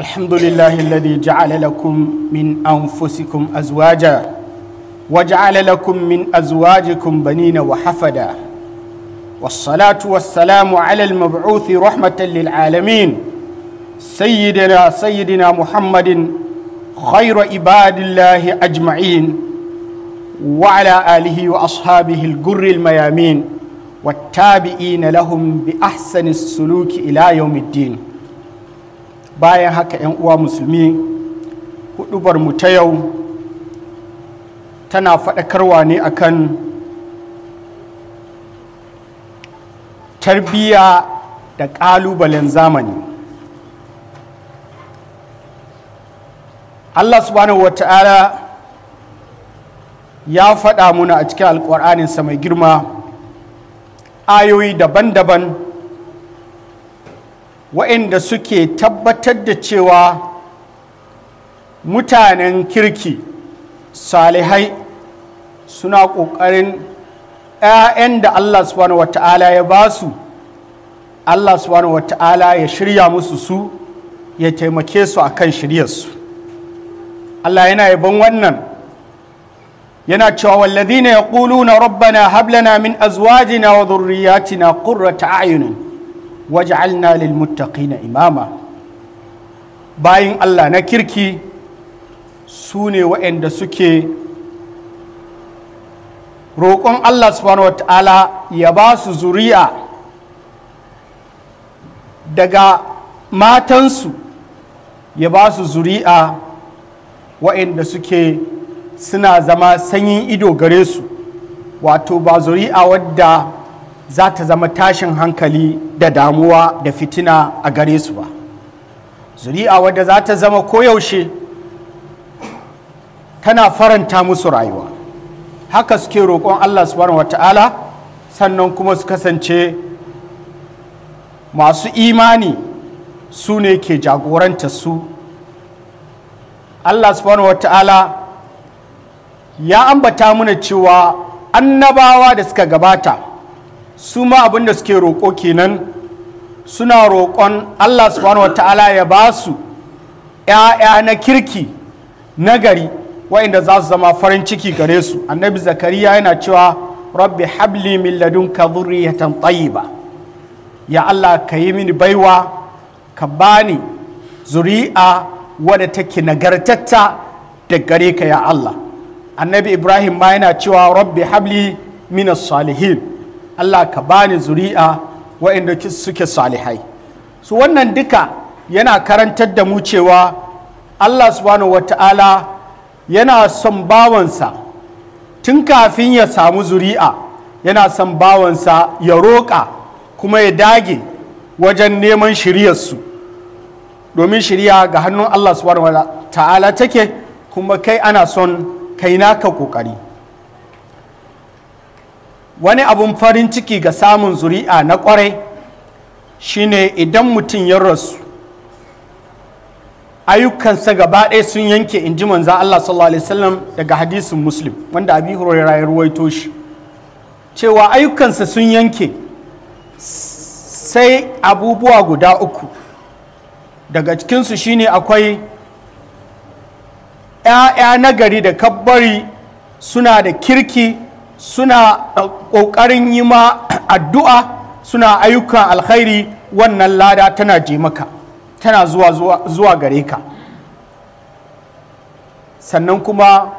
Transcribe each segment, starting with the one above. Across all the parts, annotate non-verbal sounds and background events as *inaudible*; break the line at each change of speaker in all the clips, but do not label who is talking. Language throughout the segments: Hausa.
الحمد لله الذي جعل لكم من أنفسكم أزواجا وجعل لكم من أزواجكم بنين وحفدا والصلاة والسلام على المبعوث رحمة للعالمين سيدنا سيدنا محمد خير عباد الله أجمعين وعلى آله وأصحابه الجر الميامين والتابعين لهم بأحسن السلوك إلى يوم الدين bayan haka 'yan uwa musulmi hudubar mu ta yau tana faɗakarwa ne akan tarbiyya da ƙalubalen zamani allah subhanahu wa ta'ala ya faɗa muna a cikin alƙur'aninsa mai girma ayoyi daban-daban waɗanda suke tabbatar da cewa mutanen kirki salihai suna ƙoƙarin 'ya'yan da Allah subhanahu wata'ala ya ba su Allah subhanahu wata'ala ya shirya musu su ya taimake su a kan shiryarsu Allah yana yabon wannan yana cewa ya wallazina na, rabbana hablana min azwajina wa zurriyatina qurrata a'yunin Waje waj'alna lil na imama bayan Allah na kirki su ne wa'anda suke roƙon Allah subhanahu wata'ala ya ba su zuri'a daga matansu ya ba su zuri'a wa'anda suke suna zama sanyin ido gare su wato ba zuri'a wadda za ta zama tashin hankali da damuwa da fitina a gare su ba zuri'a wadda za ta zama koyaushe tana faranta musu rayuwa haka suke roƙon allah subhanahu wata'ala sannan kuma su kasance masu imani su ne ke jagoranta su allah subhanahu wata'ala ya ambata mana cewa annabawa da suka gabata su ma abin da suke roƙo kenan suna roƙon Allah subhanahu ta'ala ya ba su ‘ya'ya na kirki na gari wa'inda za su zama farin ciki gare su annabi zakariya yana cewa rabbi habli min ladunka zurriyatan tayyiba ya Allah ka yi mini baiwa ka bani zuri'a wadda take nagartatta da gare ka ya Allah annabi ibrahim ma yana cewa rabbi habli min salihin Allah ka bani zuri'a wa'inda suke salihai su wannan duka yana karantar da mu cewa Allah subhanahu wata'ala yana son bawansa tun kafin ya samu zuri'a yana son bawansa ya roƙa kuma ya dage wajen neman shiryarsu domin shirya ga hannun Allah subhanahu wata'ala take kuma kai ana son kai naka ƙoƙari wani abun farin ciki ga samun zuri'a na kwarai shine idan mutum ya rasu ayyukansa gaba ɗaya sun yanke in ji manza Allah sallallahu alaihi wasallam daga hadisin muslim wanda abi hurairah ya ruwaito shi cewa ayyukansa sun yanke sai abubuwa guda uku daga cikinsu shine akwai ‘ya'ya nagari da kabbari suna da kirki suna eh, ƙoƙarin yi ma addu'a suna ayyukan alkhairi wannan lada tana je tana zuwa zuwa gare ka sannan kuma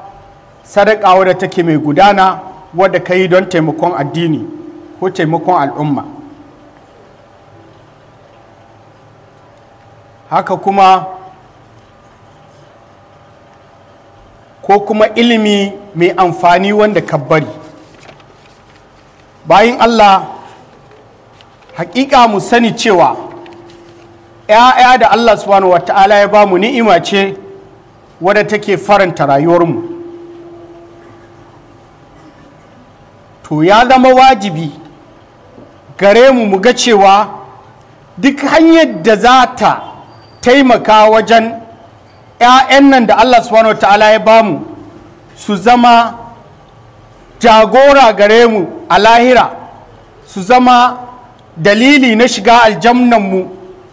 sadakawa da take mai gudana wadda ka yi don taimakon addini ko taimakon al'umma haka kuma ko kuma ilimi mai amfani wanda ka bari bayin Allah hakika mu sani cewa ‘ya'ya da Allah subhanahu wa ta'ala ya ba mu ni'ima ce wadda take faranta mu, to ya zama wajibi gare mu mu ga cewa duk hanyar da za ta taimaka wajen ‘ya'yan nan da Allah subhanahu wa ta'ala ya ba mu su zama jagora gare mu a lahira su zama dalili na shiga aljamnanmu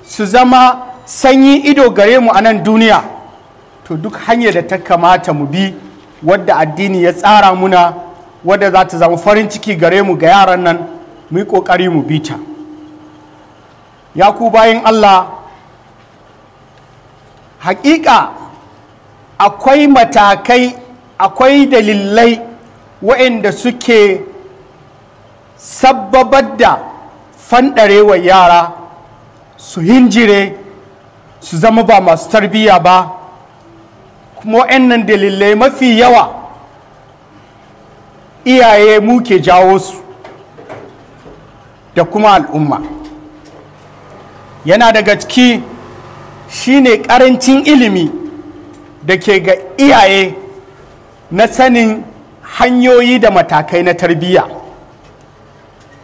su zama sanyi ido gare mu a nan duniya to duk hanyar da ta kamata mu bi wadda addini ya tsara muna wadda za ta zama farin ciki gare mu ga yaran nan mu yi ƙoƙari mu bi ta ya ku bayan allah hakika akwai matakai akwai dalilai waɗanda suke sabbabar da fanɗarewar yara su hinjire su zama ba masu tarbiyya ba kuma wa'annan dalilai mafi yawa iyaye muke jawo su da kuma al'umma yana daga ciki shine karancin ilimi da ke ga iyaye na sanin hanyoyi da matakai na tarbiyya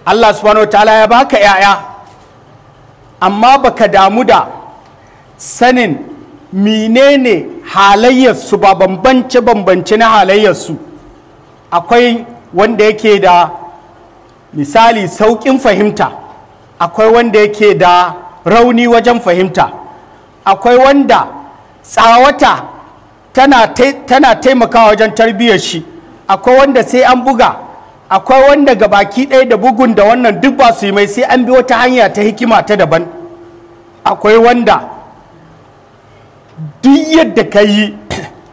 Allah subhanahu ta'ala ya baka ‘ya'ya amma baka damu da sanin menene halayyarsu ba bambance-bambance na halayyarsu akwai wanda yake da misali sauƙin fahimta akwai wanda yake da rauni wajen fahimta akwai wanda tsawata tana taimakawa wajen tarbiyyar shi akwai wanda sai an buga akwai wanda ga baki ɗaya da bugun da wannan duk ba su yi mai sai an bi wata hanya ta hikima ta daban akwai wanda duk yadda ka yi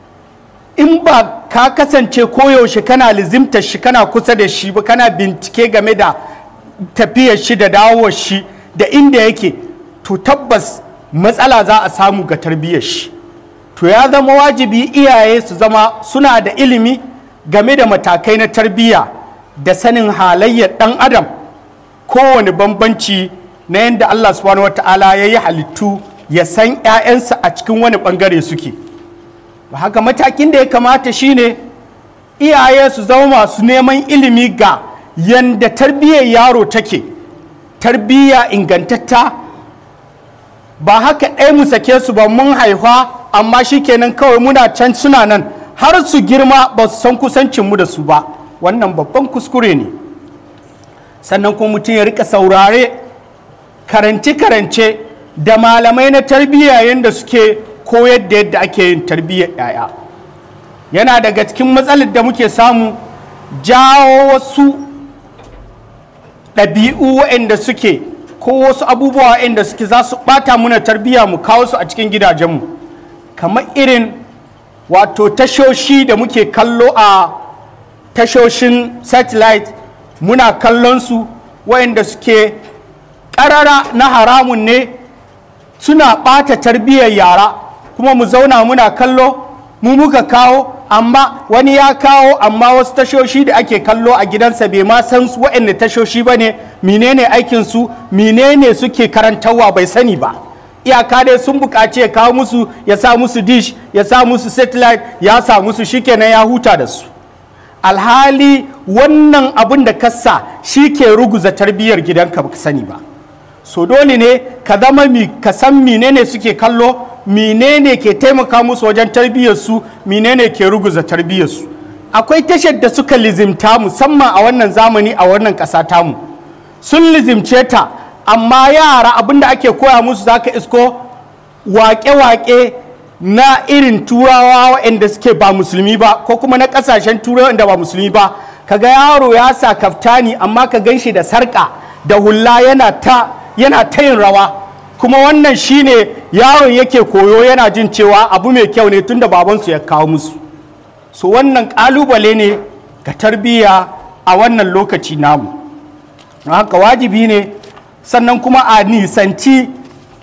*clears throat* in ba ka kasance koyaushe kana lizimtar shi kana kusa da shi ba kana bincike game da tafiyar shi da dawowar shi da inda yake to tabbas matsala za a samu ga tarbiyyar shi to ya zama wajibi iyaye su zama suna da ilimi game da matakai na tarbiyya da sanin halayyar ɗan adam kowane bambanci na yadda Allah subhanahu wa ta'ala ya yi halittu ya san 'ya'yansa a cikin wani ɓangare suke ba haka matakin da ya kamata shine iyaye su zama masu neman ilimi ga yadda tarbiyyar yaro take tarbiyya ingantatta ba haka ɗaya mu sake su ba mun haifa amma shi shikenan kawai muna can suna nan har su girma ba su san kusancinmu da su ba wannan babban kuskure ne sannan kuma mutum ya rika saurare karance-karance da malamai na tarbiyya yadda suke koyar da yadda ake yin tarbiyyar 'ya'ya yana daga cikin matsalar da muke samu jawo wasu ɗabi'u waɗanda suke ko wasu abubuwa waɗanda suke za su ɓata muna tarbiyya mu kawo su a cikin gidajenmu kamar irin wato tashoshi da muke kallo a tashoshin satellite muna kallon su waɗanda suke ƙarara na haramun ne suna ɓata tarbiyyar yara kuma mu zauna muna kallo mu muka kawo amma wani ya kawo amma wasu tashoshi da ake kallo a gidansa bai ma san su waɗanda tashoshi ba ne menene su menene suke karantarwa bai sani ba iyaka dai sun buƙaci ya kawo musu ya sa musu dish ya sa musu satellite ya sa musu shikenan ya huta da su alhali wannan abin da kasa shi ke ruguza tarbiyyar gidanka ba sani ba so dole ne ka zama ka san menene suke kallo menene ke taimaka musu wajen tarbiyyarsu menene ke ruguza tarbiyyarsu akwai tashar da suka lizimta musamman a wannan zamani a wannan ƙasa tamu sun lizimce ta amma yara abin da ake koya musu zaka isko waƙe-waƙe na irin turawa waɗanda suke ba musulmi ba ko kuma na ƙasashen turawa waɗanda ba musulmi ba kaga yaro ya sa kaftani amma ka gan shi da sarƙa da hulla yana ta yana ta yin rawa kuma wannan shine yaron yake koyo yana jin cewa abu mai kyau ne tunda babansu ya kawo musu so wannan ƙalubale ne ga tarbiyya a wannan lokaci namu haka wajibi ne sannan kuma a nisanci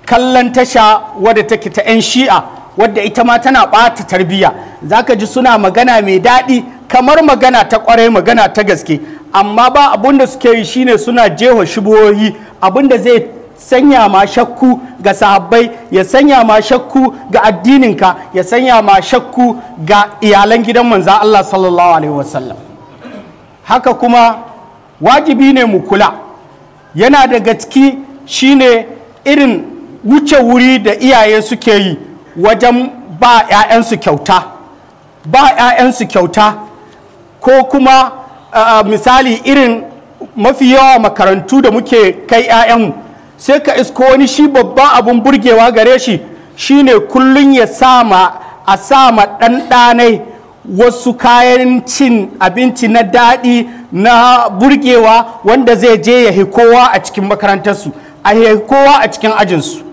kallon tasha wadda take ta 'yan shi'a wadda ita ma tana ɓata tarbiyya zaka ji suna magana mai daɗi kamar magana ta ƙwarai magana ta gaske amma ba abun da suke yi shine suna jeho shubuhohi abun da zai sanya ma shakku ga sahabbai ya sanya ma shakku ga addininka ya sanya ma shakku ga iyalan gidan manza Allah sallallahu alaihi wasallam haka kuma wajibi ne mu kula yana daga ciki shine irin wuce wuri da iyaye suke yi wajen ba 'ya'yansu kyauta ba 'ya'yansu kyauta ko kuma uh, misali irin mafi yawa makarantu da muke kai 'ya'yanmu sai ka isko wani shi babban abun burgewa gare shi shine kullum ya sama a sama ɗanɗanai wasu kayan cin abinci na daɗi na burgewa wanda zai je ya kowa a cikin makarantarsu a kowa a cikin ajinsu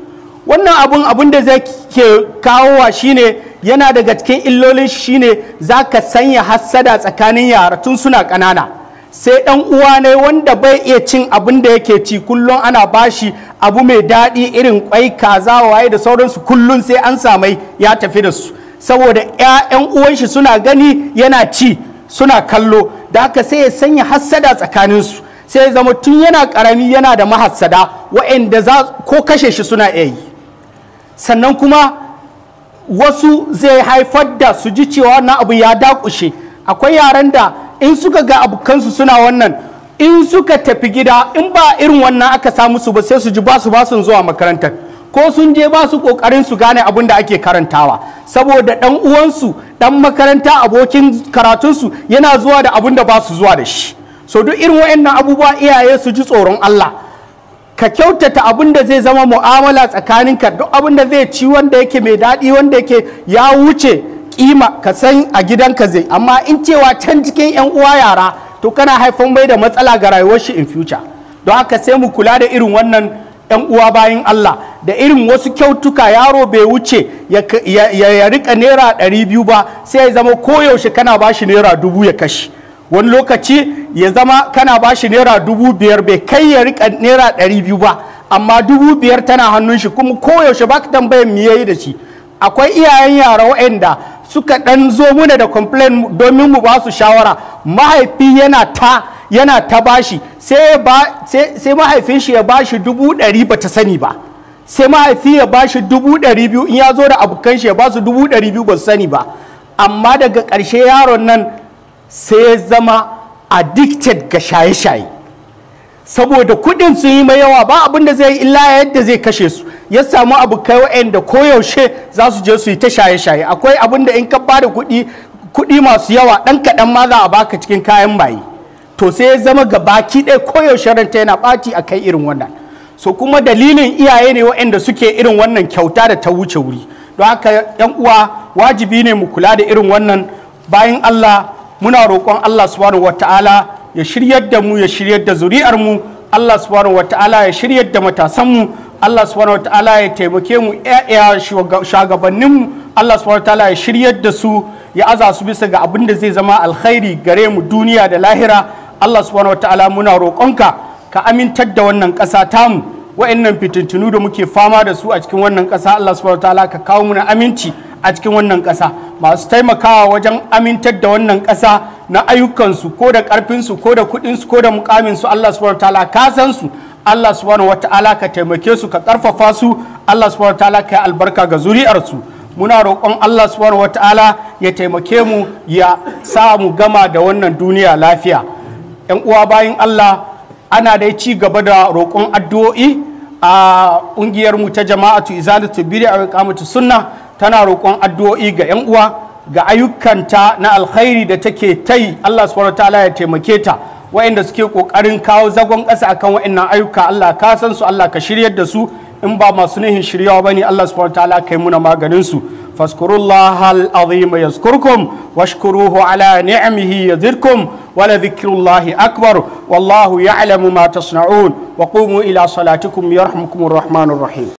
wannan abun abun da zai ke kawowa shine yana daga cikin illolin shine za ka sanya hassada tsakanin yara tun suna ƙanana sai ɗan uwa ne wanda bai iya cin abin da yake ci kullum ana bashi abu mai daɗi irin kwai kaza waye da sauransu kullum sai an samai ya tafi da su saboda 'ya'yan uwan shi suna gani yana ci suna kallo da haka sai ya sanya hassada tsakaninsu sai zama tun yana karami yana da mahassada wa'anda za ko kashe shi suna iya yi sannan kuma wasu zai haifar da su ji cewa wannan abu ya dakushe akwai yaran da in suka ga abokansu suna wannan in suka tafi gida in ba irin wannan aka samu su ba sai su ji basu basu zuwa makarantar ko sun je ba su kokarin su gane abin da ake karantawa saboda dan uwansu dan makaranta abokin karatunsu yana zuwa da abin da ba zuwa da shi so duk irin waɗannan abubuwa iyaye su ji tsoron Allah ka kyautata abin da zai zama mu'amala tsakanin ka duk abin da zai ci wanda yake mai daɗi wanda yake ya wuce kima ka san a gidanka zai amma in cewa can cikin 'yan uwa yara to kana haifan bai da matsala ga rayuwar shi in future don haka sai mu kula da irin wannan 'yan uwa bayan Allah da irin wasu kyautuka yaro bai wuce ya rika naira 200 ba sai ya zama koyaushe kana bashi naira dubu ya kashi wani lokaci ya zama kana bashi naira dubu biyar bai kai ya rika naira ɗari biyu ba amma dubu biyar tana hannun shi kuma koyaushe ba ka tambayan me yayi da shi akwai iyayen yara waɗanda suka ɗan zo muna da complain domin mu ba su shawara mahaifi yana ta yana ta bashi sai mahaifin shi ya bashi dubu ɗari ba ta sani ba sai mahaifi ya bashi dubu ɗari biyu in ya zo da abokan shi ya ba su dubu ɗari biyu ba su sani ba amma daga ƙarshe yaron nan sai ya zama addicted ga shaye-shaye saboda kudin sun yi mai yawa ba abin da zai illa yadda zai kashe su ya samu abu kai wa'anda koyaushe za su je su yi ta shaye-shaye akwai abin da in ka bada kuɗi kuɗi masu yawa ɗan kaɗan ma za a baka cikin kayan bayi to sai ya zama ga baki ɗaya koyaushe ranta yana ɓaci a kai irin wannan so kuma dalilin iyaye ne waɗanda suke irin wannan kyauta da ta wuce wuri don haka yan uwa wajibi ne mu kula da irin wannan bayan Allah muna roƙon Allah subhanahu wata'ala ya shiryar da mu ya shiryar da zuri'ar mu Allah subhanahu wata'ala ya shiryar da matasan mu Allah subhanahu wata'ala ya taimake mu ƴaƴa shugabannin mu Allah subhanahu wata'ala ya shiryar da su ya aza su bisa ga abin da zai zama alkhairi gare mu duniya da lahira Allah subhanahu wata'ala muna roƙonka ka amintar da wannan ƙasa tamu wa'annan fitintunu da muke fama da su a cikin wannan ƙasa Allah subhanahu wata'ala ka kawo muna aminci a cikin wannan ƙasa masu taimakawa wajen amintar da wannan ƙasa na ayyukansu ko da ƙarfinsu ko da kuɗinsu ko da mukaminsu Allah subhanahu wataala ka san su Allah subhanahu wataala ka taimake su ka ƙarfafa su Allah subhanahu wataala ka yi albarka ga zuri'arsu muna roƙon Allah subhanahu wataala ya taimake mu ya sa mu gama da wannan duniya lafiya yan uwa bayin Allah ana da ci gaba da roƙon addu'o'i a ƙungiyarmu ta jama'atu izalatu biri a iqamatu sunna tana roƙon addu'o'i ga 'yan uwa ga ayyukanta na alkhairi da take tai Allah subhanahu ta'ala ya taimake ta waɗanda suke ƙoƙarin kawo zagon ƙasa akan waɗannan ayyuka Allah ka san su Allah ka shiryar da su in ba masu nihin shiryawa bane Allah subhanahu ta'ala kai muna maganin su fashkurullaha al'azim yazkurkum washkuruhu ala ni'amihi yazidkum wala dhikrullahi akbar wallahu ya'lamu ma tasna'un wa qumu ila salatikum yarhamukumur rahmanur rahim